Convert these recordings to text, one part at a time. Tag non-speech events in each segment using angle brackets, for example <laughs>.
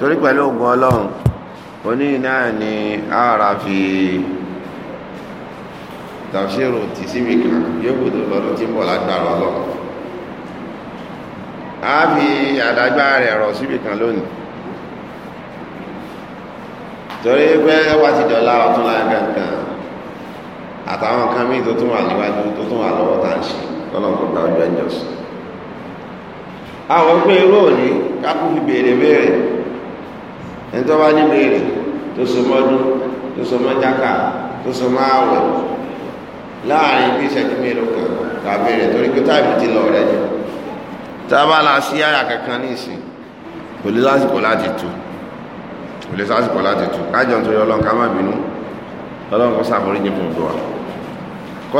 torí pẹ̀lú ògùn ọlọ́run oní náà ni ara fi tàṣírò tì sí mi kan yóò gbọdọ̀ lọ́dún tí ń bọ̀ lágbára ọlọ́run a fi àdágbá rẹ̀ rọ̀ síbi kan lónìí torí pé wá ti dọ̀la ọ̀tún lágbàǹkan àtàwọn kan míì tó tún wà níwájú tó tún wà lọ́wọ́ tá à ń ṣe lọ́nà tó gba ọjọ́ ẹ̀jọ̀ sùn. àwọn gbe irú òní kákú fi béèrè béèrè ẹni bá ní béèrè tó so mọ́dún tó so mọ́ jákà tó so mọ́ àwẹ̀ láàrin bí ìṣẹ́jú mélòó kan tàbí rẹ̀ torí pé ti lọ rẹ̀ tá a bá la sí kankan ní ìsìn kò lè tu kò lè lásìkò láti tu kájọ nítorí má bínú wa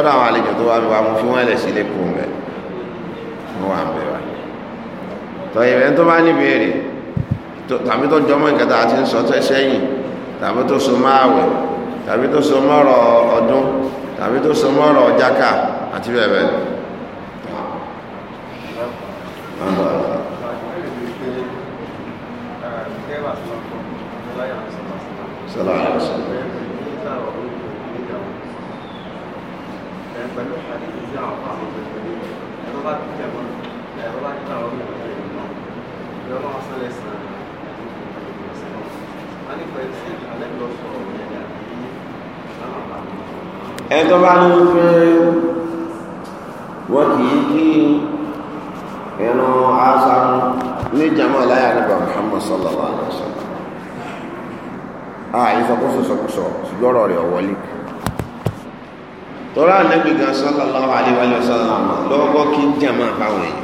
àwọn àlejò tó bí wa mo tọ́yẹ̀ ẹni tó bá ní béèrè tàbí tó jọmọ́ nǹkan tá ń sọ sẹ́yìn tàbí tó so mọ́ àwẹ̀ tàbí tó so mọ́rọ̀ ọdún tàbí tó so mọ́rọ̀ jákà àti bẹ́ẹ̀ bẹ́ẹ̀ lọ. pẹ̀lú àdìsí àwọn àwọn ọmọ ìgbẹ̀lẹ́ ẹ̀rọ bá ti jẹ́ mọ́ ẹ̀rọ bá ti ta ọmọ lọ́nà ọ̀sánlẹ̀ sàn ẹni tó bá ní wípé wọ́n kì í kí ẹnu asan ní jama láyà nípa Muhammad sallallahu alaihi wa sallam àà ah, ìsọkúsọ sọkúsọ ṣùgbọ́n ọ̀rọ̀ rẹ̀ ọ̀wọ́lé tọ́lá nẹ́gbẹ̀gàn sallallahu alaihi wa sallam lọ́wọ́ kí jama báwọn èèyàn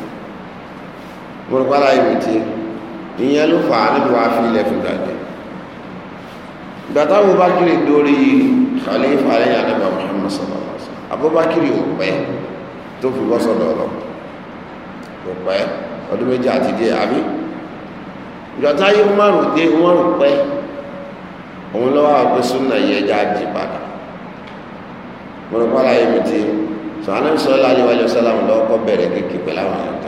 mọ̀rọ̀pára ibi tí ìyẹn ló fà á níbi wàá fi ilẹ̀ fìgbà jẹ ìgbà táwọn bákìrì dórí khalifa lẹ́yìn àdébà Muhammad sallallahu alaihi wasallam abubakiri ò pẹ́ tó fi bọ́ sọ́dọ̀ ọ̀rọ̀ kò pẹ́ ọdún méjì àti díẹ̀ àbí ìgbà táyé márùn dé wọ́n rò pẹ́ òun lọ́wọ́ àgbẹ̀ súnà yẹ ẹja jì padà mọ̀rọ̀pára ibi tí sọ̀hánà sọ́lá aléwájú sálàmù lọ́kọ́ bẹ̀rẹ̀ kékeré pẹ̀láwọn yẹn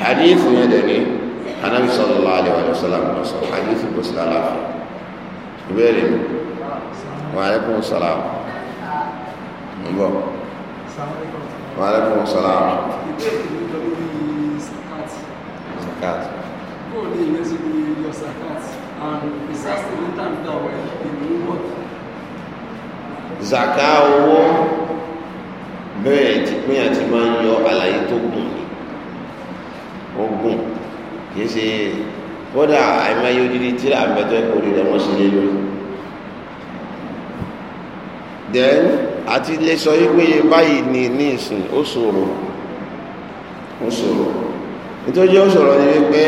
hadith yẹn dẹ̀ ni anabi sallallahu alaihi wa sallam ló sọ hadith kò sí aláfẹ ìbéèrè mi wa alaikum salaam ń bọ̀ wa alaikum salaam. zakat. bó o ní zaka owó bẹ́ẹ̀ tí pín àti máa ń yọ àlàyé tó kù ogun kìí ṣe kódà àìmọye odidi tíra àbẹ̀tọ́ ẹ̀kọ́ rẹ̀ wọ́n ṣe lé lórí. then àti lè sọ wípé báyìí ni ní ìsìn ó ṣòro ó ṣòro nítorí ó ṣòro ni wípé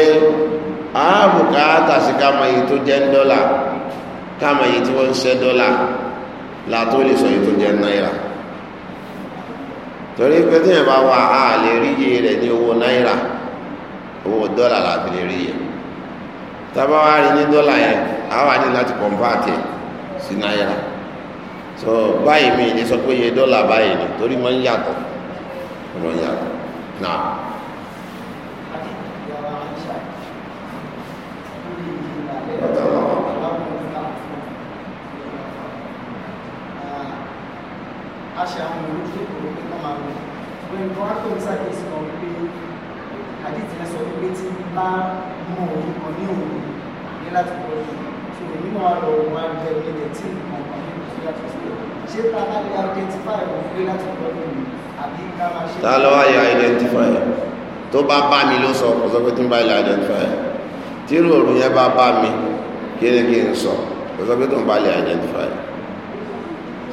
ààbò káàtà sí káàmọ iye tó jẹ́ dọ́là káàmọ iye tí wọ́n ń ṣẹ́ dọ́là la tó lè sọ iye tó jẹ́ náírà torí pé tí yẹn bá wà á lè rí iye rẹ̀ ní owó náírà owó dọ́là láti lè rí yẹ tábà wá rí ní dọ́là yẹn àwọn àti láti kọ̀ǹpáàtì sí náírà so báyìí mi ní sọ pé iye dọ́là báyìí ni torí mọ́ ń yàtọ̀ mọ́ ń yàtọ̀ náà. Acha um grupo que comanda. Bem, qual a coisa que se comanda? àdìtì rẹ sọ pé tí bá mọ òun kan ní òun ní láti wọ ní so èmi náà lọ wá jẹ ilé tí nǹkan kan ní ìlú yàtọ̀ sí ṣé ta bá lè identify òun ní láti wọ ní òun àbí ká máa ṣe. ta ló wá yẹ identify tó bá bá mi ló sọ kò sọ pé tí ń bá ilé identify tí irú òrùn yẹn bá bá mi kí ni kí n sọ kò sọ pé tó ń bá ilé identify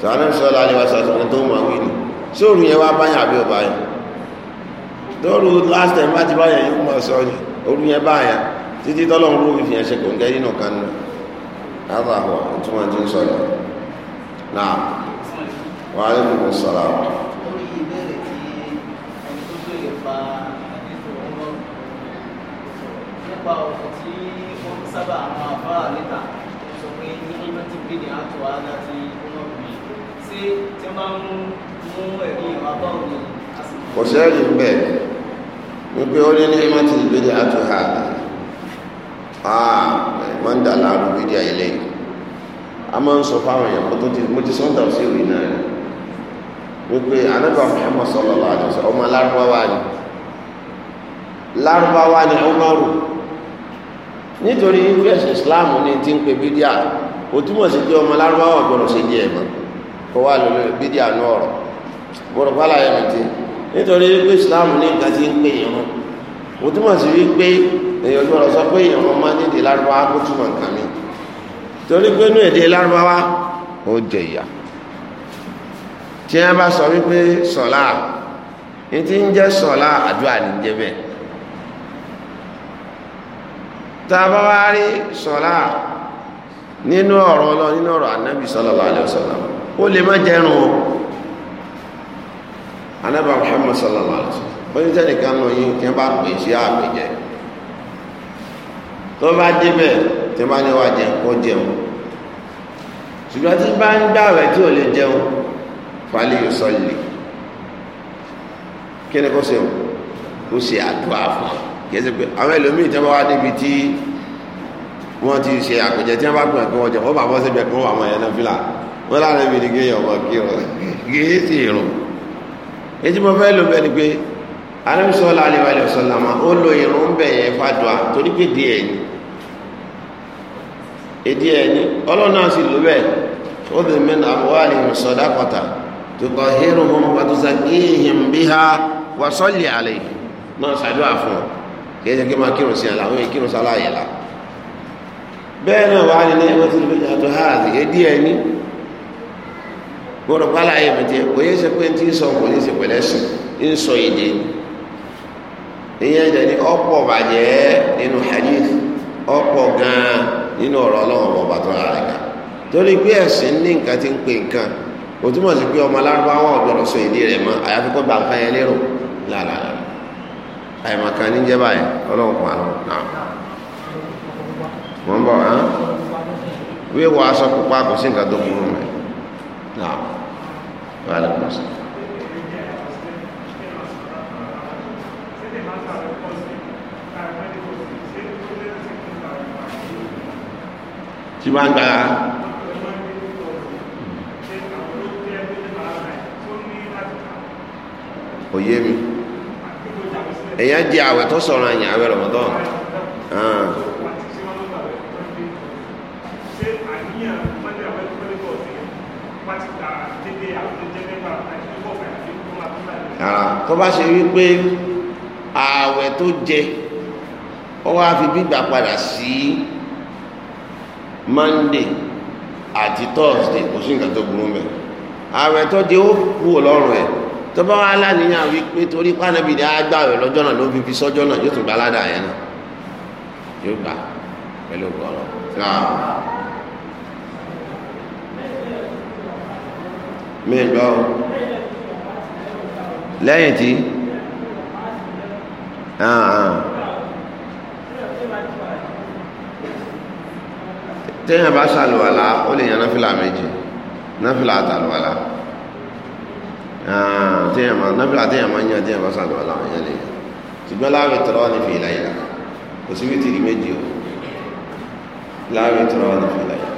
sọ àná sọ lálẹ́ wá sọ àtúntò tó mọ̀ wí ni sí òrùn yẹn wá báyà àbí ọba yẹn lóru last time láti báyà yóò mọ̀ sọ ni orú yẹn báyà títí tọ́lọ́run ló fi ẹ̀ṣẹ̀ kò ń gẹ́ nínú kan nù aláwọ̀ tí wọ́n ti ń sọ yìí náà wàá lè kókò sọ̀rọ̀ àwọn. nípa ọkọ̀ ń mú wípé ó ní ní mọ́tì ìbéèrè àtúhà àà máa ń dà láàrú bídí ayẹlẹ yìí a máa ń sọ fáwọn èèyàn kó tó ti mo ti sọ ń dà sí ìwé náà rẹ wípé anábà Muhammad sallallahu alaihi wasallam ọmọ lárúbáwá ni lárúbáwá ni ọmọrù nítorí us Islam ní ti ń pe bídíà ó túmọ̀ sí pé ọmọ lárúbáwá gbọ́dọ̀ ṣe jẹ́ ẹ̀mọ́ kó wà lórí bídíà náà ọ̀rọ̀ gbọ́dọ̀ pálá yẹn ti nítorí pé islam ní nǹkan tí ń pè irun kò túmọ̀ sí wípé èèyàn gbọ́dọ̀ sọ pé irun máa ń dìde lárúbáwá kó túmọ̀ nǹkan mi torí pé inú èdè lárúbáwá ó jẹ ìyà tí wọ́n bá sọ wípé sọ̀lá ní ti ń jẹ́ sọ̀lá àdúrà ní jẹ́ bẹ́ẹ̀ tá a bá wá rí sọ̀lá nínú ọ̀rọ̀ ọlọ́ nínú ọ̀rọ̀ ànábì sallallahu alaihi wasallam ó lè má jẹ́rùn o anábà Muhammad sallallahu alaihi wasallam ó ní sẹ́nìkan lọ yín tí wọ́n bá pè sí àpèjẹ tó bá débẹ̀ tí wọ́n bá ní wá jẹun kó jẹun ṣùgbọ́n tí bá ń gbààwẹ̀ tí ò lè jẹun fàlẹ́ yóò sọ lè kí ni kó ṣe kó ṣe àdúrà fún ọ kì ṣe pé àwọn ẹlòmíì tí wọ́n wá débi tí wọ́n ti ṣe àpèjẹ tí wọ́n bá gbọ̀n kí wọ́n jẹun wọ́n bá bọ́ síbẹ̀ kí wọ́n wà mọ́ ẹ̀yẹ náà fìlà wọ́n lára ibi ni kéèyàn ọmọ kí ọ kì í sì ètí mo fẹ́ lò bẹ́ẹ̀ ni pé alábísọ́lá aléwàlẹ̀ ọ̀sọ́lámà ó lo irun bẹ̀ yẹn fàdùà torí pé di ẹ̀ ni èdè ẹ̀ ni ọlọ́nà sì lò bẹ́ẹ̀ ó dè mẹ́nà àbúwálì sọ̀dá pàtà tó kọ́ hírùhùn wàtúnṣà kíhìn bí ha wà sọ́lì àlẹ́ náà ṣàdúrà fún ọ kí máa kírun sí àlà àwọn kírun sálà yẹ̀lá bẹ́ẹ̀ náà wà ní ẹ̀wọ́n tó lè fẹ́ gbọ́dọ̀ pa láàyè mẹjẹ kò yẹ ṣe pé tí ń sọ kò ní ṣe pẹ̀lẹ́ sùn ń sọ èdè ìyẹn jẹ ní ọ̀pọ̀ bàjẹ́ nínú hadith ọ̀pọ̀ gan nínú ọ̀rọ̀ Ọlọ́run ọba tó rà rẹ gan torí pé ẹ̀sìn ní nǹkan tí ń pè nǹkan kò túmọ̀ sí pé ọmọ alárúbáwọ̀ gbọ́dọ̀ sọ èdè rẹ̀ mọ́ àyàfi kó gbà nǹkan yẹn lérò lálàlà àyèmọ̀ kan ní jẹ́ báyìí Ọlọ́run kan àlọ́ náà wọ́n bọ̀ wíwọ aṣọ pupa kò sí nǹkan tó burú mẹ́ náà wàhálà kò sí. tí wọ́n gba òye mi èèyàn jẹ àwẹ̀ tó sọ̀rọ̀ àyàn àwẹ̀ Ramadan. Ah. tó bá ṣe wípé ààwẹ̀ tó jẹ ó wá fi gbígbà padà sí Monday àti Thursday kò sí nǹkan tó burú mẹ́ ààwẹ̀ tó jẹ ó kú ọlọ́run ẹ̀ tó bá wá láníyàn wípé torí pànàbí dá gbààwẹ̀ lọ́jọ́ náà ló fi fi sọ́jọ́ náà yóò tún gba aládàá yẹn náà yóò gbà pẹ̀lú ọ̀rọ̀ mẹ́jọ lẹ́yìn tí ah, ah. téèyàn bá ṣàlùwàlá ó lè yan náfìlà méjì náfìlà àtàlùwàlá ah, téèyàn máa náfìlà téèyàn máa ń yan téèyàn bá ṣàlùwàlá wọn yẹn lè yan ṣùgbọ́n láàrin tọrọ ní fìlà ìlà kò sí wítìrì méjì o láàrin tọrọ ní fìlà ìlà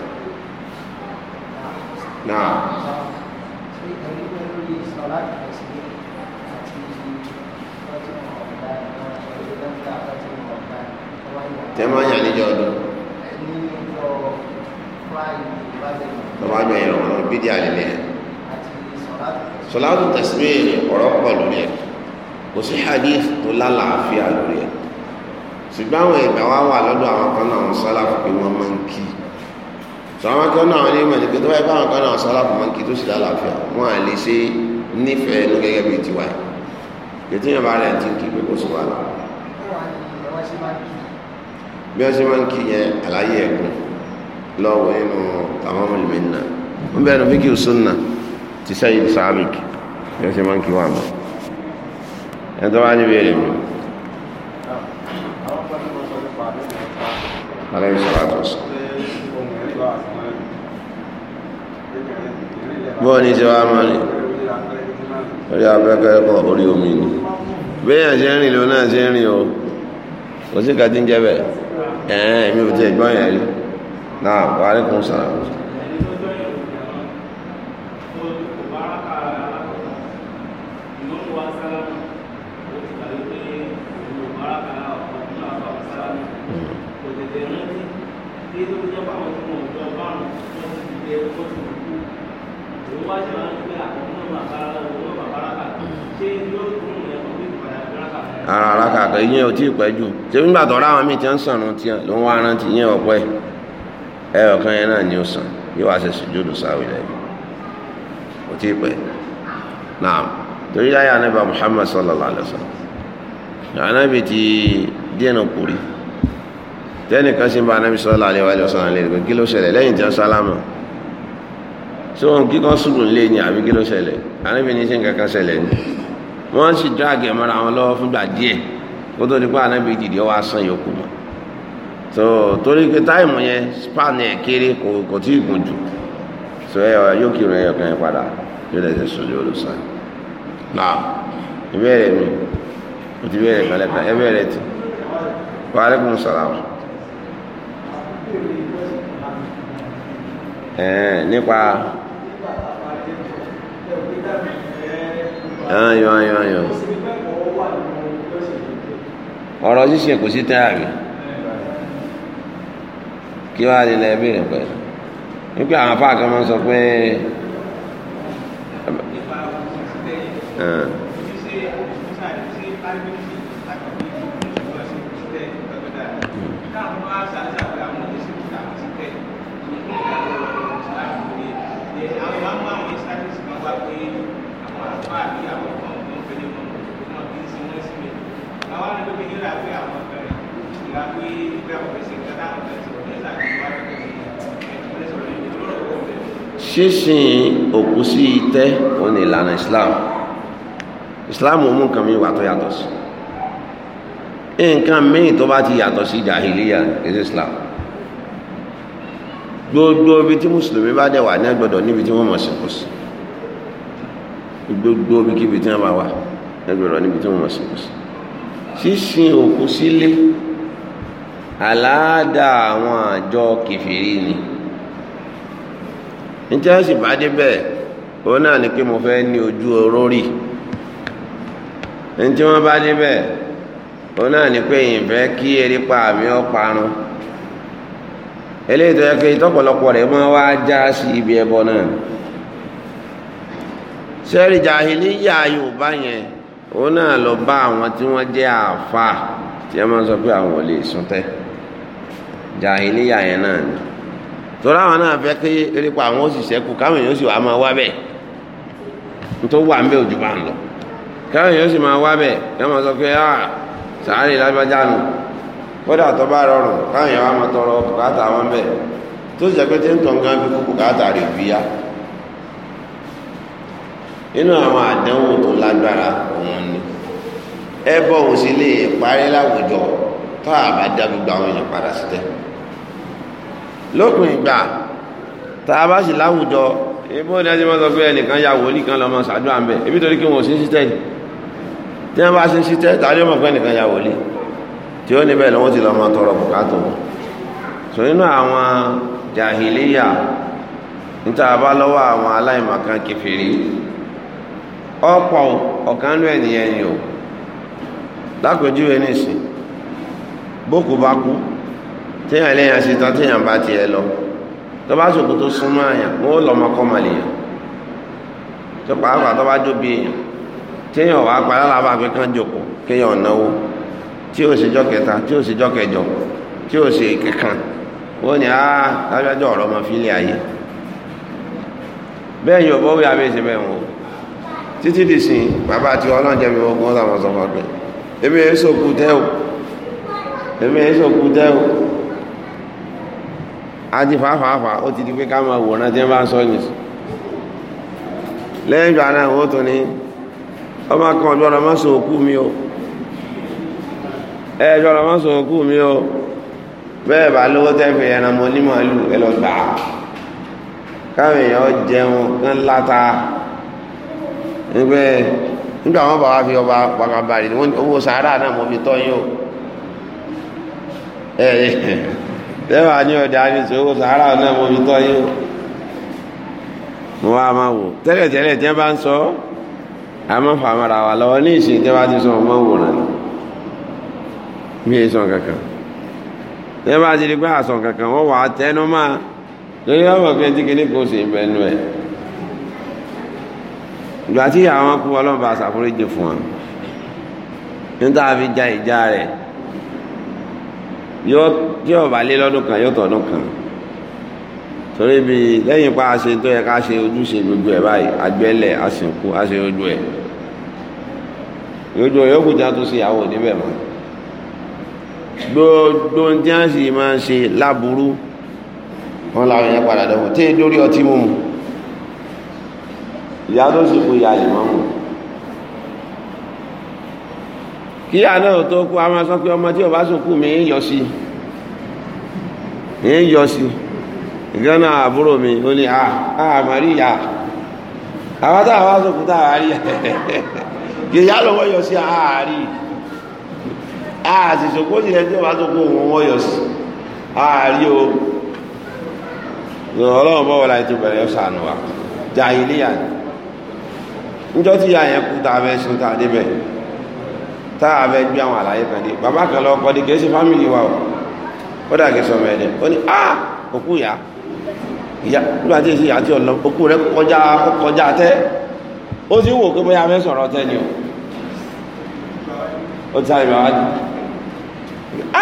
náà. tẹ́mọ̀ yàn níjọ́ ọdún tọ́wọ́ àjọ yẹn ọ̀rọ̀ bídí àlẹ́lẹ́ sọláàtù tẹ̀síwé ọ̀rọ̀ pọ̀ lórí ẹ̀ kò sí hadith tó lálàáfíà lórí ẹ̀ ṣùgbọ́n àwọn ìgbà wa wà lọ́dọ̀ àwọn kan náà sọ́lá fún pé wọ́n máa ń kí sọ àwọn kan náà ní ìmọ̀ nípa tó wáyé báwọn kan náà sọ́lá fún máa ń kí tó sì lálàáfíà wọ́n à lè ṣe nífẹ̀ẹ́ ní gẹ́gẹ́ bíi tiwa ètò ìyàbá rẹ̀ ti kí pé kó sùn wà bí wọ́n ṣe máa ń kí yẹn àlàyé ẹ̀gùn lọ́wọ́ nínú tamam al-minna wọ́n bẹ̀rẹ̀ ní fíkì sunna ti Sayyid Sabiq bí wọ́n ṣe máa ń kí wọ́n àmọ́ ẹni tó bá ní bèèrè mi. alẹ́ ìṣòro àtọ̀sọ. bọ́ọ̀ ní ṣe wá máa rìn orí abẹ́kẹ́ kọ́ orí omi ni bẹ́ẹ̀ ṣe ń rìn lónà ṣe ń rìn o kò sí kàtí ń jẹ́ bẹ́ẹ̀ ẹ̀ẹ́n mi ò tí ẹ̀gbọ́n yẹn rí náà wàhálẹ́kùn sàràkùn sàràkùn ara ara kàkà ìyẹn ò tí ì pẹ́ jù ṣé nígbà ráwọn mi ti ń sànù tí ló ń wá rántí ìyẹn ọ̀pẹ́ ẹ ọ̀kan yẹn náà ni o sàn yóò wá ṣe sùjúdù sáwì lẹ́yìn ò tí ì pẹ́ náà torí láyé anábà Muhammad sallallahu alayhi wa sallam anábì ti díẹ̀nà kùrì tẹ́nì kan sì bá anábì sallallahu alayhi wa sallam lẹ́yìn kí ló ṣẹlẹ̀ lẹ́yìn tí wọ́n kíkan sùgbùn lé ní àbí kí wọ́n sì drag ẹ̀ mọ́ra wọn lọ́wọ́ fúngbà díẹ̀ kó tó ní pé ànábì dìde yòókù mọ́ so torí pé táìmù yẹn kéré kò kò tí jù so ẹ yóò kírun ẹyọ kan yẹn padà yóò ìbéèrè mi o ti ẹ nípa. ayọ̀ ayọ̀ ayọ̀ ọ̀rọ̀ ṣíṣe kò sí táàrí kí wàá lè lẹ bí rẹ pẹ̀lú wípé àwọn afáàkàn máa ń sọ pé. sísìn òkú sí itẹ́ òun ni ìlànà islam islam mú nǹkan mi wà tó yàtọ̀ sí nǹkan míì tó bá ti yàtọ̀ sí jahiliya is islam gbogbo ibi tí mùsùlùmí bá dẹ̀ wà ní ẹgbọ̀dọ̀ níbi tí wọ́n mọ̀ sí kù sí gbogbo ibi kíbi tí wọ́n bá wà ẹgbọ̀dọ̀ níbi tí wọ́n mọ̀ sí kù sí sísìn òkú sílé aláàdá àwọn àjọ kẹfìrí ni. Si níjẹ́ sì bá débẹ̀ òun náà ni pé mo fẹ́ ní ojú oró rì ní tí wọ́n bá débẹ̀ òun náà ni pé ìfẹ́ kí erépa mi ó parun eléyìí tó yẹ wá já ibi ẹbọ náà sẹ́rì jàhìlíyà Yorùbá yẹn òun náà lọ bá àwọn tí wọ́n jẹ́ àáfàá tí wọ́n máa sọ pé àwọn ò lè sùn yẹn náà torí àwọn náà fẹ́ pé erépa àwọn ó sì káwọn èèyàn sì wá máa wá bẹ́ẹ̀ nítorí wà ń bẹ́ẹ̀ òjò bá ń lọ káwọn èèyàn sì máa wá bẹ́ẹ̀ yọ́n sọ pé ah sàárè kódà tó bá rọrùn káwọn èèyàn máa tọrọ bùkátà wọn bẹ́ẹ̀ tó sì pé tí ń tàn gan fi kú bùkátà bí yá inú àwọn àdánwò tó lágbára òun ni ẹbọ òun sì lè parí láwùjọ tó àbá lópin ìgbà tá a bá sì láwùjọ ebó ní ẹjẹ máa sọ pé ẹnìkan ya wòlíì kan lọ́mọ ṣàdúrà ń bẹ̀ ebi torí kí wọn ò sí ṣiṣẹ́ yìí tí wọn bá ṣe ṣiṣẹ́ tàbí ọmọ pé ẹnìkan ya wòlíì tí ó níbẹ̀ lọ́wọ́ ti lọ́mọ tọrọ bùkátà wọn sọ nínú àwọn jàhìlíyà níta bá lọ́wọ́ àwọn aláìmọ̀kan kẹfìrí ọ̀pọ̀ ọ̀kan ló ẹ̀nìyẹn ni o lápèjúwe nísìn bókù bá kú téèyàn léèyàn ṣe tán téèyàn bá tiẹ̀ lọ tó bá ṣòkò tó súnmọ́ àyàn wọn ò lọ́mọkọ́ màlèyàn tó pàápàá tó bá dóbi èèyàn téèyàn wàá pa lálàbà pé kán jòkó kéèyàn náwó tí ò ṣèjọ́ kẹta tí ò ṣèjọ́ kẹjọ tí ò ṣe kankan wọ́n ní á lábẹ́jọ́ ọ̀rọ̀ ọmọ fílẹ̀ ayé bẹ́ẹ̀ yóò bọ́ wí abẹ́sẹ̀ bẹ́ẹ̀ wọn títí dì sí bàbá àti ọlọ́njẹ́ mi ogun ọ̀làmọ̀sọ̀fọ̀ pé èmi èso kú tẹ́ o èmi èso kú tẹ́ o adi fa fa fa o ti di pe ka ma wo na je ba so ni le na wo to ni o ma kan jo na ma so ku mi o e jo na ma so ku mi o be ba lo te fe ya na mo ni ma lu e lo gba ka mi yo je won kan lata ebe nja won ba wa fi o ba pa ka ba ri won na mo fi to o tẹ́wàá ní ọ̀dà ní ìṣòwò sàárà náà mo fi tọ́ yín o mo wá máa wò tẹ́lẹ̀tẹ́lẹ̀ tí wọ́n bá ń sọ a máa fà mọ́ra wa lọ́wọ́ ní ìṣe tí wọ́n bá ti sọ ọmọ wòran ni mi ì sọ kankan tí wọ́n bá ti di pé àsọ kankan wọ́n wà á tẹnu máa lórí ọmọ pé tí kìíní kò sì ń ẹ̀ ìgbà tí àwọn kú ọlọ́mọba àṣàforíjì fún wọn níta fi ja ìjà rẹ̀ yóò yóò bá lé lọ́dún kan yóò tọ̀dún kan torí bí lẹ́yìn pa àṣẹ tó yẹ ká ṣe ojúṣe gbogbo ẹ̀ báyìí agbẹ́lẹ̀ àṣìnkú àṣẹ ojú ẹ̀ ojú ẹ̀ yókù já tó ṣe àwọn oníbẹ̀ mọ́ gbogbo tí a sì máa ń ṣe láburú wọn làwọn yẹn padà dánwò tí lórí ọtí mímu ìyá tó sì kú ìyá lè mọ́ mu kí àná tó kú a máa sọ pé ọmọ tí ọba sùn mi ń yọ sí ń yọ sí àbúrò mi ó ní àmàrí ah, ah, ìyá àwọn tá àwọn sọkù tá àárí <laughs> kì lọ́wọ́ yọ sí àárí àṣìṣòkó sì yọ sí o ọlọ́run bọ́ wọlé àti wa yà yẹn kú tá tá a fẹ́ gbé àwọn àlàyé kan dé bàbá kan lọ kọ́ di kìí ṣe fámìlì wa o ó dà kìí sọmọ ẹ̀dẹ̀ ó ní ah òkú ìyá ìyá nígbà tí èsì ìyá tí ọ̀nà òkú rẹ̀ kọjá kọjá tẹ́ ó sì wò pé bóyá fẹ́ sọ̀rọ̀ tẹ́ ni o ó ti sáré bàbá jù ah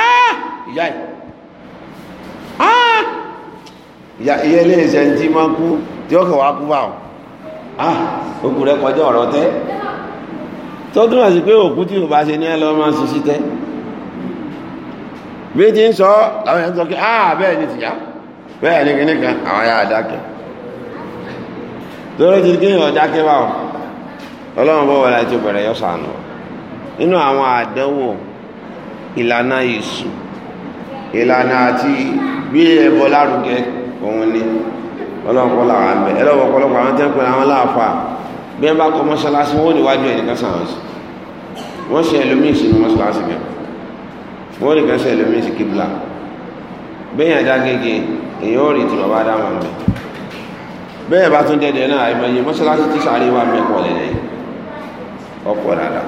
ìyá yìí ah ìyá ilé iṣẹ́ ń tí máa kú tí ó kọ̀ wá kú bá o ah òkú rẹ̀ kọjá ọ̀rọ̀ tẹ́ tó túnmọ̀ sí pé òkú tí ò bá ṣe ní ẹlọ́ máa sùn sí tẹ́ bí ti ń sọ láwọn ẹ̀ ń sọ kí áà bẹ́ẹ̀ ni tìyá bẹ́ẹ̀ ni kìíní kan àwọn ya dákẹ́ tó ti kí ìyàn dákẹ́ bá wọn ọlọ́run bọ́ wọlé tó bẹ̀rẹ̀ yọ sànù nínú àwọn àdánwò ìlànà èṣù ìlànà àti bí ẹbọ lárugẹ òun ni ọlọ́run kọ́ làwọn àmì ẹlọ́wọ́ ọ̀pọ̀lọpọ̀ àwọn tẹ́ńpẹ́ àwọn láàfà bí wọ́n bá kọ́ mọ́ṣáláṣí wọ́n níwájú ẹ̀ nìkan sàwọn wọ́n ṣe ẹlòmíì sínú mọ́ṣáláṣí kan wọ́n rí kan ṣe ẹlòmíì sí kíbla bẹ́yìn ajá gègé èyàn ò rí ti bàbá dáwọn mẹ́ bẹ́ẹ̀ bá tún dẹ́dẹ̀ náà àìmọye mọ́ṣáláṣí tí sáré wà mẹ́pọ̀ lẹ́lẹ́ ọ̀pọ̀ dada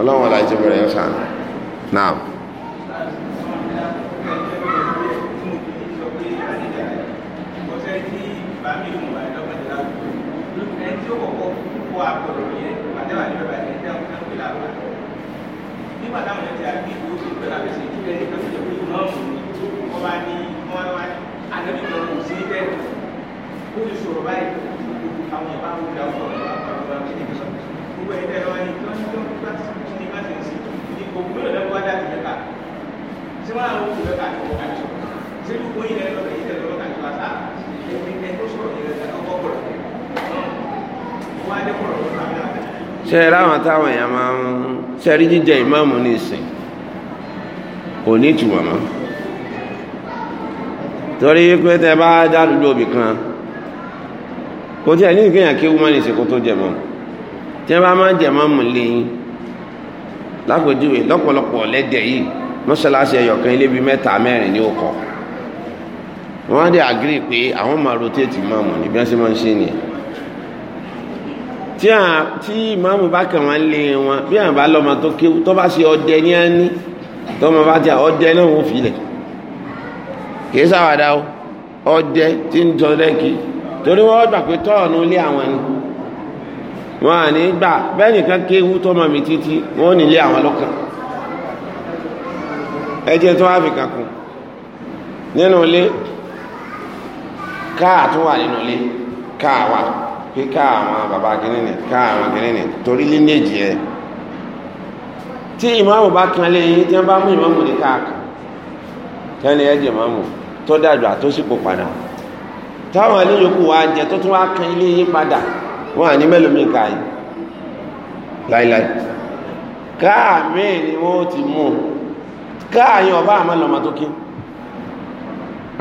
ọlọ́wọ́n la ti bẹ̀rẹ̀ ọ̀sán náà. Thank àgbà nígbà táwọn ẹni tí a bí ìwé òfin pẹ̀lú àbẹsẹ ìdílé nìkan tó yẹ kó yìí náà fún mi wọn bá ní wọn wá ní àdébí kan kò sí bẹ́ẹ̀ ó ti sọ̀rọ̀ báyìí àwọn ìbá wọn gbà wọn lọ àwọn gbogbo ẹni tẹ́lẹ̀ wọn ni tí wọn ti tó nípa tí nípa ti ń sìn ní òkú lọ lọ́wọ́ wájà ti lẹka ṣé wọn àwọn òkú lẹka ni wọn kà ní sọ ṣé gbogbo yìí lẹ lọ́wọ́ yìí lẹ lọ́wọ́ kà ní wá sáà ẹ ẹ kó sọ̀rọ̀ yìí lẹ lọ́wọ́ kọ̀rọ̀ wọn á dé kọ̀rọ̀ lọ́wọ́ ṣe ráwọn táwọn èèyàn máa ń ṣe rí jíjẹ ìmáàmù ní ìsìn kò ní ìtumọ̀ mọ́ torí pé tẹ bá dádúgbò òbí kan kò tí ẹ ní ìkéyàn kí wọ́n ní ìsìn kó tó jẹ̀mọ́ tí wọ́n bá máa ń jẹ̀mọ́ mú léyìn lápèjúwe lọ́pọ̀lọpọ̀ lẹ́dẹ̀ yìí mọ́ṣáláṣí ẹyọ̀kan ilé bíi mẹ́ta mẹ́rin ní òkọ̀ wọ́n á dé àgírí pé àwọn máa rotate ìmáàmù ní bí wọ́n ṣe máa ń ṣe nìyẹn tí à tí ìmáàmù bá kàn wọ́n lé wọn bí àwọn bá lọ́mọ tó kéwú tó bá ṣe ọdẹ ní ẹni tọ́mọ bá ti ọdẹ náà wọ́n filẹ̀ kìí sáwàdà o ọdẹ tí ń tọ́ lẹ́kì torí wọ́n gbà pé tọ́ọ̀nù lé àwọn ni wọn à ní gbà bẹ́ẹ̀ nìkan kéwú tọ́mọ mi títí wọn ò ní lé àwọn lọ́kàn ẹjẹ tó wá fi kankun nínú ilé káà tó wà nínú ilé káà wà pé ká àwọn bàbá kìnìnì ká àwọn kìnìnì torí línéèjì ẹ tí ìmáàmù bá kan lé yín tí wọ́n bá mú ìmáàmù ní káàkiri tẹ́lẹ̀ ẹ̀jẹ̀ ìmáàmù tó dàgbà tó sì pò padà táwọn aléyòókù wa jẹ tó tún wá kan ilé yín padà wọn à ní mẹ́lòmíì ká yìí láíláí káà míì ni wọ́n ti mú káà yín ọba àmọ́ lọ́mọ tó kí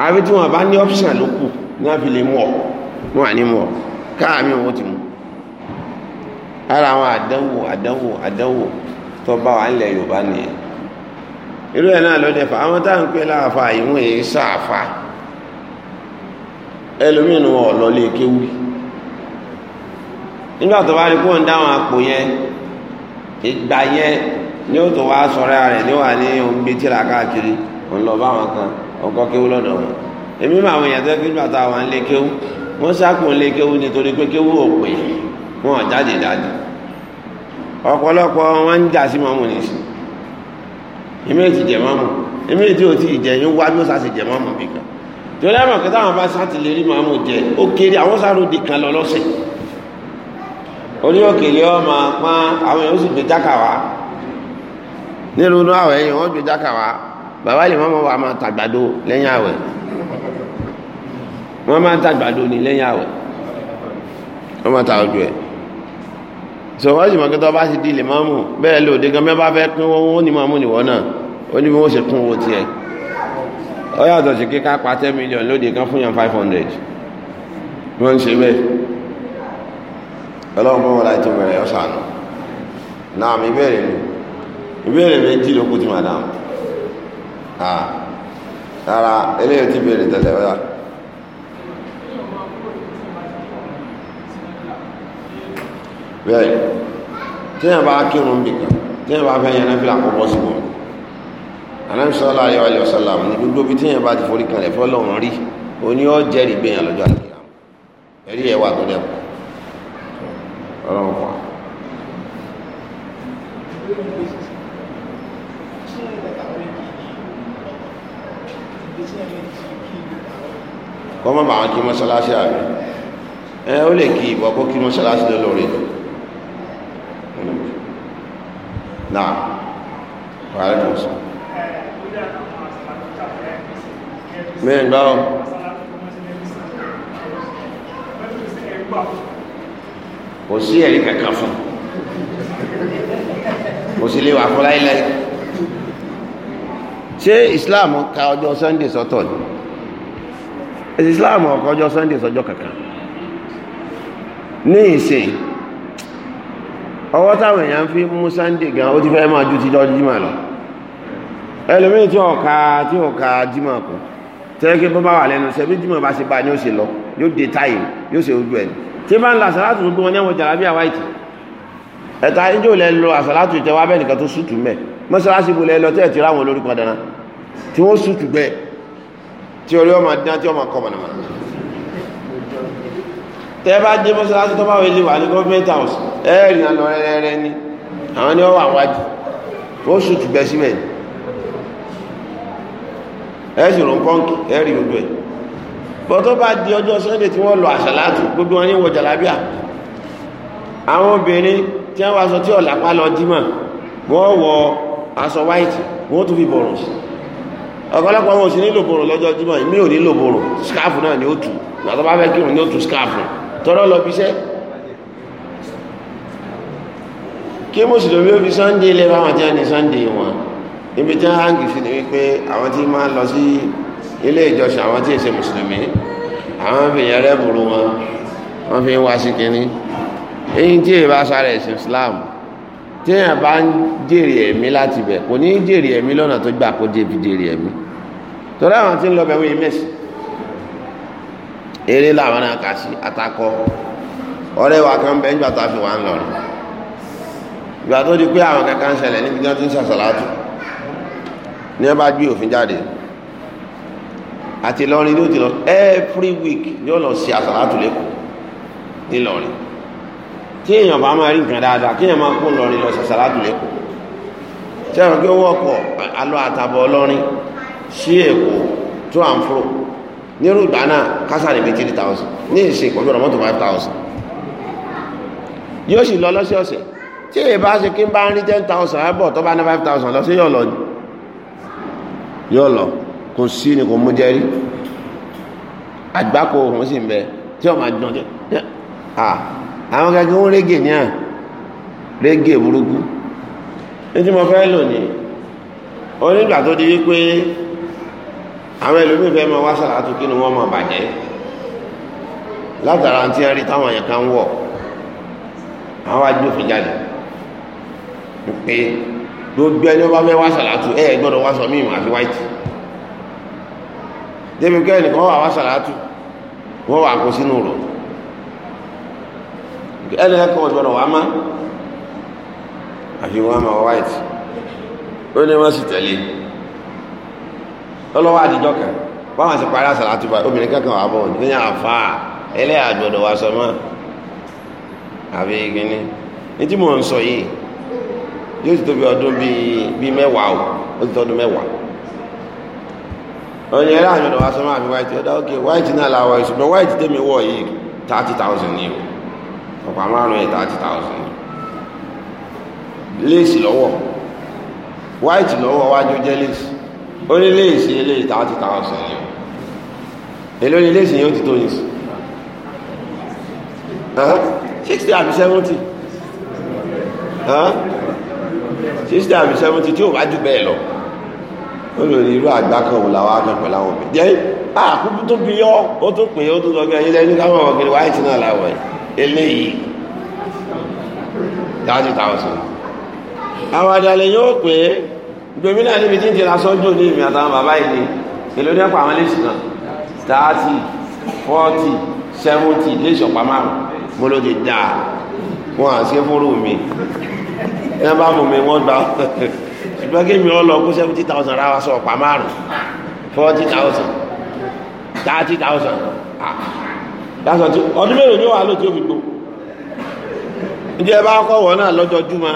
àbí tí wọ́n bá ní ọ́fíṣà ló kù ní wọ́n fi lè mú ọ wọn à mú ọ. káàmì owó ti ara àwọn àdánwò àdánwò àdánwò tó bá wà nílẹ̀ yorùbá nìyẹn irú ẹ̀ náà ló àwọn táwọn pé láàfà ìwọ̀n èyí sáàfà ẹlòmínú ọ̀lọ́lé kéwì nígbà tó bá rí kó ń dáhùn àpò yẹn ìgbà yẹn ni ó tó wá sọ̀rọ̀ rẹ̀ ní ohun kan ọkọ kéwì lọ́dọ̀ wọn èmi máa kí nígbà wọ́n sákòólé kéwú nítorí pé kéwú ò pè wọ́n jáde dáadé ọ̀pọ̀lọpọ̀ wọn ń jà sí mọ́mù nìsí ìmé ti jẹ mọ́mù ìmé tí ò ti jẹ yín wá bí ó sá sì jẹ mọ́mù bí kan torí àmọ̀ kí táwọn bá sátìlérí mọ́mù jẹ ó kéré àwọn sáróde kan lọ lọ́sẹ̀ orí òkèlè ọmọ pọ́n àwọn èèyàn ó sì gbé jáka nílùú náà àwọn èèyàn wọ́n gbé jáka bàbá lè mọ́mọ́ wa máa tàgbàdo lẹ́yìn àwẹ̀ wọ́n máa ń tàgbàdo ní lẹ́yìn àwẹ̀ wọ́n máa ta ojú ẹ̀ sọ̀rọ̀ ìjùmọ̀ kí tó bá ti di lè máa mú bẹ́ẹ̀ lè òde gan mẹ́bá fẹ́ pín owó ní máa mú nìwọ náà ó ní bí wọ́n ṣe kún owó tiẹ̀ ó yàtọ̀ sí kíká pa ten million lóde kan fún yàn five hundred wọ́n ń ṣe bẹ́ẹ̀ ọlọ́run bọ́ wọn láti bẹ̀rẹ̀ ọ̀sánù náà mi ìbéèrè mi ìbéèrè mi jí lókùtì màdàm ah, rárá eléyìí ti béèrè tẹ̀lé ọ̀yà. bẹ́ẹ̀ téèyàn bá kírun bìkan téèyàn bá fẹ́ yẹn náà fi àkọ́kọ́ sí wọn anamisọ́lá ayé wàlẹ̀ ọ̀sálàm ní gbogbo bí téèyàn bá ti forí kalẹ̀ fọlọ́run rí oní ọ jẹ́rìí gbẹ̀yàn lọ́jọ́ àlùkìyà ẹ̀rí ẹ̀ wà tó dẹ́kun ọlọ́run kan. kọ́mọ́ bàá kí mọ́sálásí àbí ẹ ó lè kí ìbọ̀ kó kí mọ́sálásí lọ́lọ́rin lọ́wọ́. náà wàhálà kan sọ. mẹ́rin báwo. kò sí ẹ̀rí kankan fún kò sí lè wà fún láíláí ṣé Islam ka ọjọ́ Sunday sọ́tọ̀ ni Islam ọkọ̀ ọjọ́ Sunday sọ́jọ́ kankan ní ìsìn ọwọ́ táwọn èèyàn fi mú sunday gan ó ti fẹ́ máa ju tijọ́ jimá lọ ẹlòmíì tí ọ̀ka tí ọ̀ka jimá kù tẹ́lẹ̀kẹ́ bọ́ bá wà lẹ́nu sẹ́bí jimá bá ṣe bá ní ó ṣe lọ yóò dé táyì yóò ṣe ojú ẹ̀ tí bá ń la àsàlátù gbogbo wọn ní àwọn jàlábíà wáìtì ẹ̀ta ẹjọ́ lẹ lọ àsàlátù ìtẹ́wọ́ abẹ́ nìkan tó sùtù mẹ́ mọ́ṣáláṣí bo lẹ lọ tẹ́ẹ̀ tí ráwọn olórí kan dáná tí wọ́n sùtù bẹ́ẹ̀ tí orí ọmọ adá tẹ́ bá dé mọ́sálásí tó bá wọlé wà ní government house ẹ̀ẹ́rì náà lọ rẹ́rẹ́rẹ́ ní àwọn ni wọ́n wà wájú wọ́n sùn tùgbẹ́ síbẹ̀ ni ẹ̀ẹ́sì rò ń pọ́ǹkì ẹ̀ẹ́rì gbogbo ẹ̀ bọ́ tó bá di ọjọ́ sunday tí wọ́n lọ àṣàlátù gbogbo wọn ní wọ jàlábíà àwọn obìnrin tí wọ́n wá aṣọ tí ọ̀làpá lọ jímọ̀ wọ́n wọ aṣọ white wọ́n tún fi bọ̀rùn sí ọ̀pọ̀lọpọ̀ wọn ò sí nílò bọ̀rùn lọ́jọ́ jímọ̀ ìmí ò nílò bọ̀rùn scarf náà ni ó tù gbàtọ́ bá fẹ́ kírun ni ó tù scarf náà tọ́rọ lọ bíṣẹ́ kí mùsùlùmí ó fi sunday ilé fáwọn tí wọ́n ní sunday wọn níbi tí wọ́n hangi fi ni wípé àwọn tí máa lọ sí ilé ìjọsìn àwọn tí èsè mùsùlùmí àwọn fi yẹn rẹ́bùrú wọn wọ́n fi ń wá sí kínní èyí tí èyí bá sáré ẹ̀sìn Islam tí èyàn bá ń jèrè ẹ̀mí láti bẹ̀ kò ní jèrè ẹ̀mí lọ́nà tó gbà kó débi jèrè ẹ̀mí torí àwọn tí ń lọ bẹ̀wọ̀ yìí mẹ́sìn eré làwọn náà kà atakọ ọrịa wa kan bẹ nígbà tá a fi wà ń lọrin ìgbà tó di pé àwọn kankan ń níbi tí wọ́n ti ń ṣàṣàlátù ní wọ́n bá gbé òfin jáde àti ti lọ every week yóò lọ ṣe àṣàlátù lẹ́kọ̀ọ́ ńlọrin tí èèyàn bá máa rí nǹkan dáadáa kí èèyàn máa kó lọ tí àwọn kí nírú ìgbà náà kásá níbi three thousand ní ìsìn ìpọ́jú ọ̀rọ̀ mọ́tò five thousand yóò sì lọ lọ́sọ̀ọ̀sẹ̀ tí èyí bá ṣe kí n bá ń rí ten thousand ẹ̀bọ̀ tó bá ní five thousand lọ sí yóò lọ ni yóò lọ kò sí ni kò mú jẹ́rí àgbákò òun sì ń bẹ tí ọmọ àjọ jẹ àwọn kẹkẹ ń régè ní à régè burúkú ní tí mo fẹ́ lò ní onígbà tó di wípé àwọn elu fẹ́ máa wá sàlátù kí ni wọ́n máa bàjẹ́ látara tí a rí táwọn Awa kan wọ̀ àwọn agbófin jáde pé gbogbo ẹni wọ́n fẹ́ wá sàlátù ẹ̀ gbọ́dọ̀ wá sọ mímu àfi wáìtì débi kẹ́ ẹnìkan wà wá sàlátù wọ́n wà kó sínú rò ẹni ẹ̀kọ́ gbọ́dọ̀ wá má àfi wọ́n wáìtì ó lọ́lọ́wọ́ àdìjọ́ kan báwọn ti parí àṣà láti obìnrin kankan wà bọ̀ nígbà àfa ẹlẹ́yà àgbọ̀dọ̀ wa sọ mọ́ àbí gíní ní tí mò ń sọ yìí yóò ti tóbi ọdún bíi mẹ́wàá o ó ti tọ́dún mẹ́wàá ọ̀yìn ẹlẹ́yà àgbọ̀dọ̀ wa sọ mọ́ àbí wáìtì ọ̀dà òkè wáìtì náà làwọ̀ ìṣùgbọ́n wáìtì tẹ̀mí wọ̀ yìí thirty thousand ni o ọ̀pá márùn-ún yẹn thirty thousand léèsì lọ́wọ́ wáìtì lọ́wọ́ wájú jẹ́ léèsì ó ní lè ṣe ilé ìta àti ìta ọ̀sán ni o èló ni ilé ìṣe yóò ti tó ní sùn sixty àbí seventy sixty àbí seventy tí ò bá jù bẹ́ẹ̀ lọ ó lò ní irú àgbá kan wò làwọn akàn pẹ̀lú àwọn òbí jẹ́ àkókò tó bí yọ ó tó pè é ó tó sọ pé ẹ̀yin lẹ́yìn káwọn ọ̀gẹ̀dẹ̀ wáyé ti náà làwọ̀ ẹ̀ eléyìí thirty thousand àwọn àdàlẹ̀ yóò pè é gbèmí náà níbi tí ń tira sọ́jú ní ìmì àtàwọn bàbá yìí ni èlò dẹ́pọ̀ àwọn léṣì náà tààtì fọ́ọ̀tì sẹ́wọ́ntì léṣì ọ̀pá márùn mo ló ti dáa wọn à ṣe fúrú mi ẹ bá mú mi wọ́n gbà ṣùgbọ́n kí mi ọ lọ kó seventy thousand ra wa sọ ọ̀pá márùn forty thousand thirty thousand ọdún mélòó ni wàá lò tí ó fi gbó ǹjẹ́ bá kọ́ wọ́n náà lọ́jọ́ júmọ́.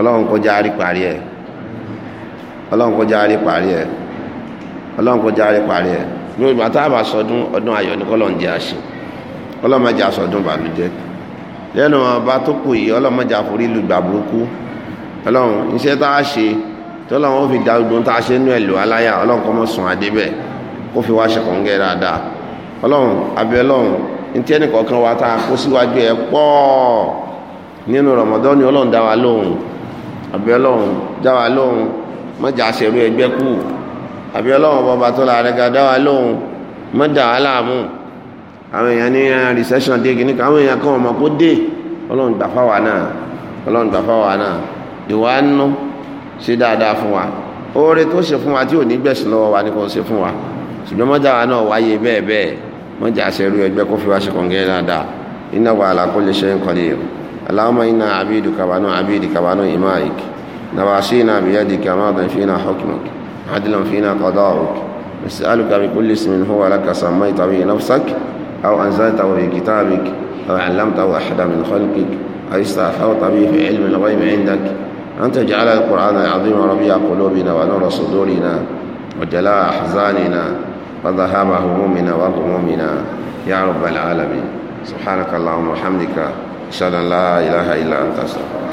ọlọ́run kọjá rí parí ẹ̀ ọlọ́run kọjá rí parí ẹ̀ ọlọ́run rí parí ẹ̀ lórí àtàbà sọdún ọdún ayọ̀ ní kọ́lọ̀ ń jẹ́ àṣẹ ọlọ́mọjà sọdún lẹ́nu ọba tó kù yìí ọlọ́mọjà forí lu gbà burúkú ọlọ́run iṣẹ́ tá a ṣe ó fi da tá a ṣe nú aláyà ọlọ́run kọ́ mọ́ sùn adé bẹ́ẹ̀ kó fi wá ṣẹ̀kọ̀ǹgẹ́ dáadáa ọlọ́run ọlọ́run ẹnì àbí ọlọ́run dáwà lóhun mọ́jà ṣẹ̀rú ẹgbẹ́ kú àbí ọlọ́run bọba tó la rẹ̀ ga dáwà lóhun mọ́jà aláàmú àwọn èèyàn ní eh, recession dé kìíní kan àwọn èèyàn kan ọmọ kó dé ọlọ́run gbà fáwa náà ọlọ́run gbà fáwa náà ìwà nú ṣe dáadáa fún wa oore tó ṣe fún wa tí ò ní gbẹ̀sìn lọ́wọ́ wa ni kò ṣe fún wa ṣùgbọ́n mọ́jà wa náà wáyé bẹ́ẹ̀ bẹ́ẹ̀ mọ́jà ṣẹ̀rú ẹgbẹ́ kó fi wá ṣe kọ̀ǹgẹ́ dáadáa inna wa ala kulli shay'in qadir اللهم إنا عبيدك وبنو عبيدك وبنو إمائك نواسينا بيدك ماض فينا حكمك عدل فينا قضاءك نسألك بكل اسم هو لك سميت به نفسك أو أنزلته في كتابك أو علمته أحدا من خلقك أو استأثرت به في علم الغيب عندك أن تجعل القرآن العظيم ربيع قلوبنا ونور صدورنا وجلاء أحزاننا وذهاب همومنا وغمومنا يا رب العالمين سبحانك اللهم وبحمدك أشهد أن لا إله إلا أنت أستغفرك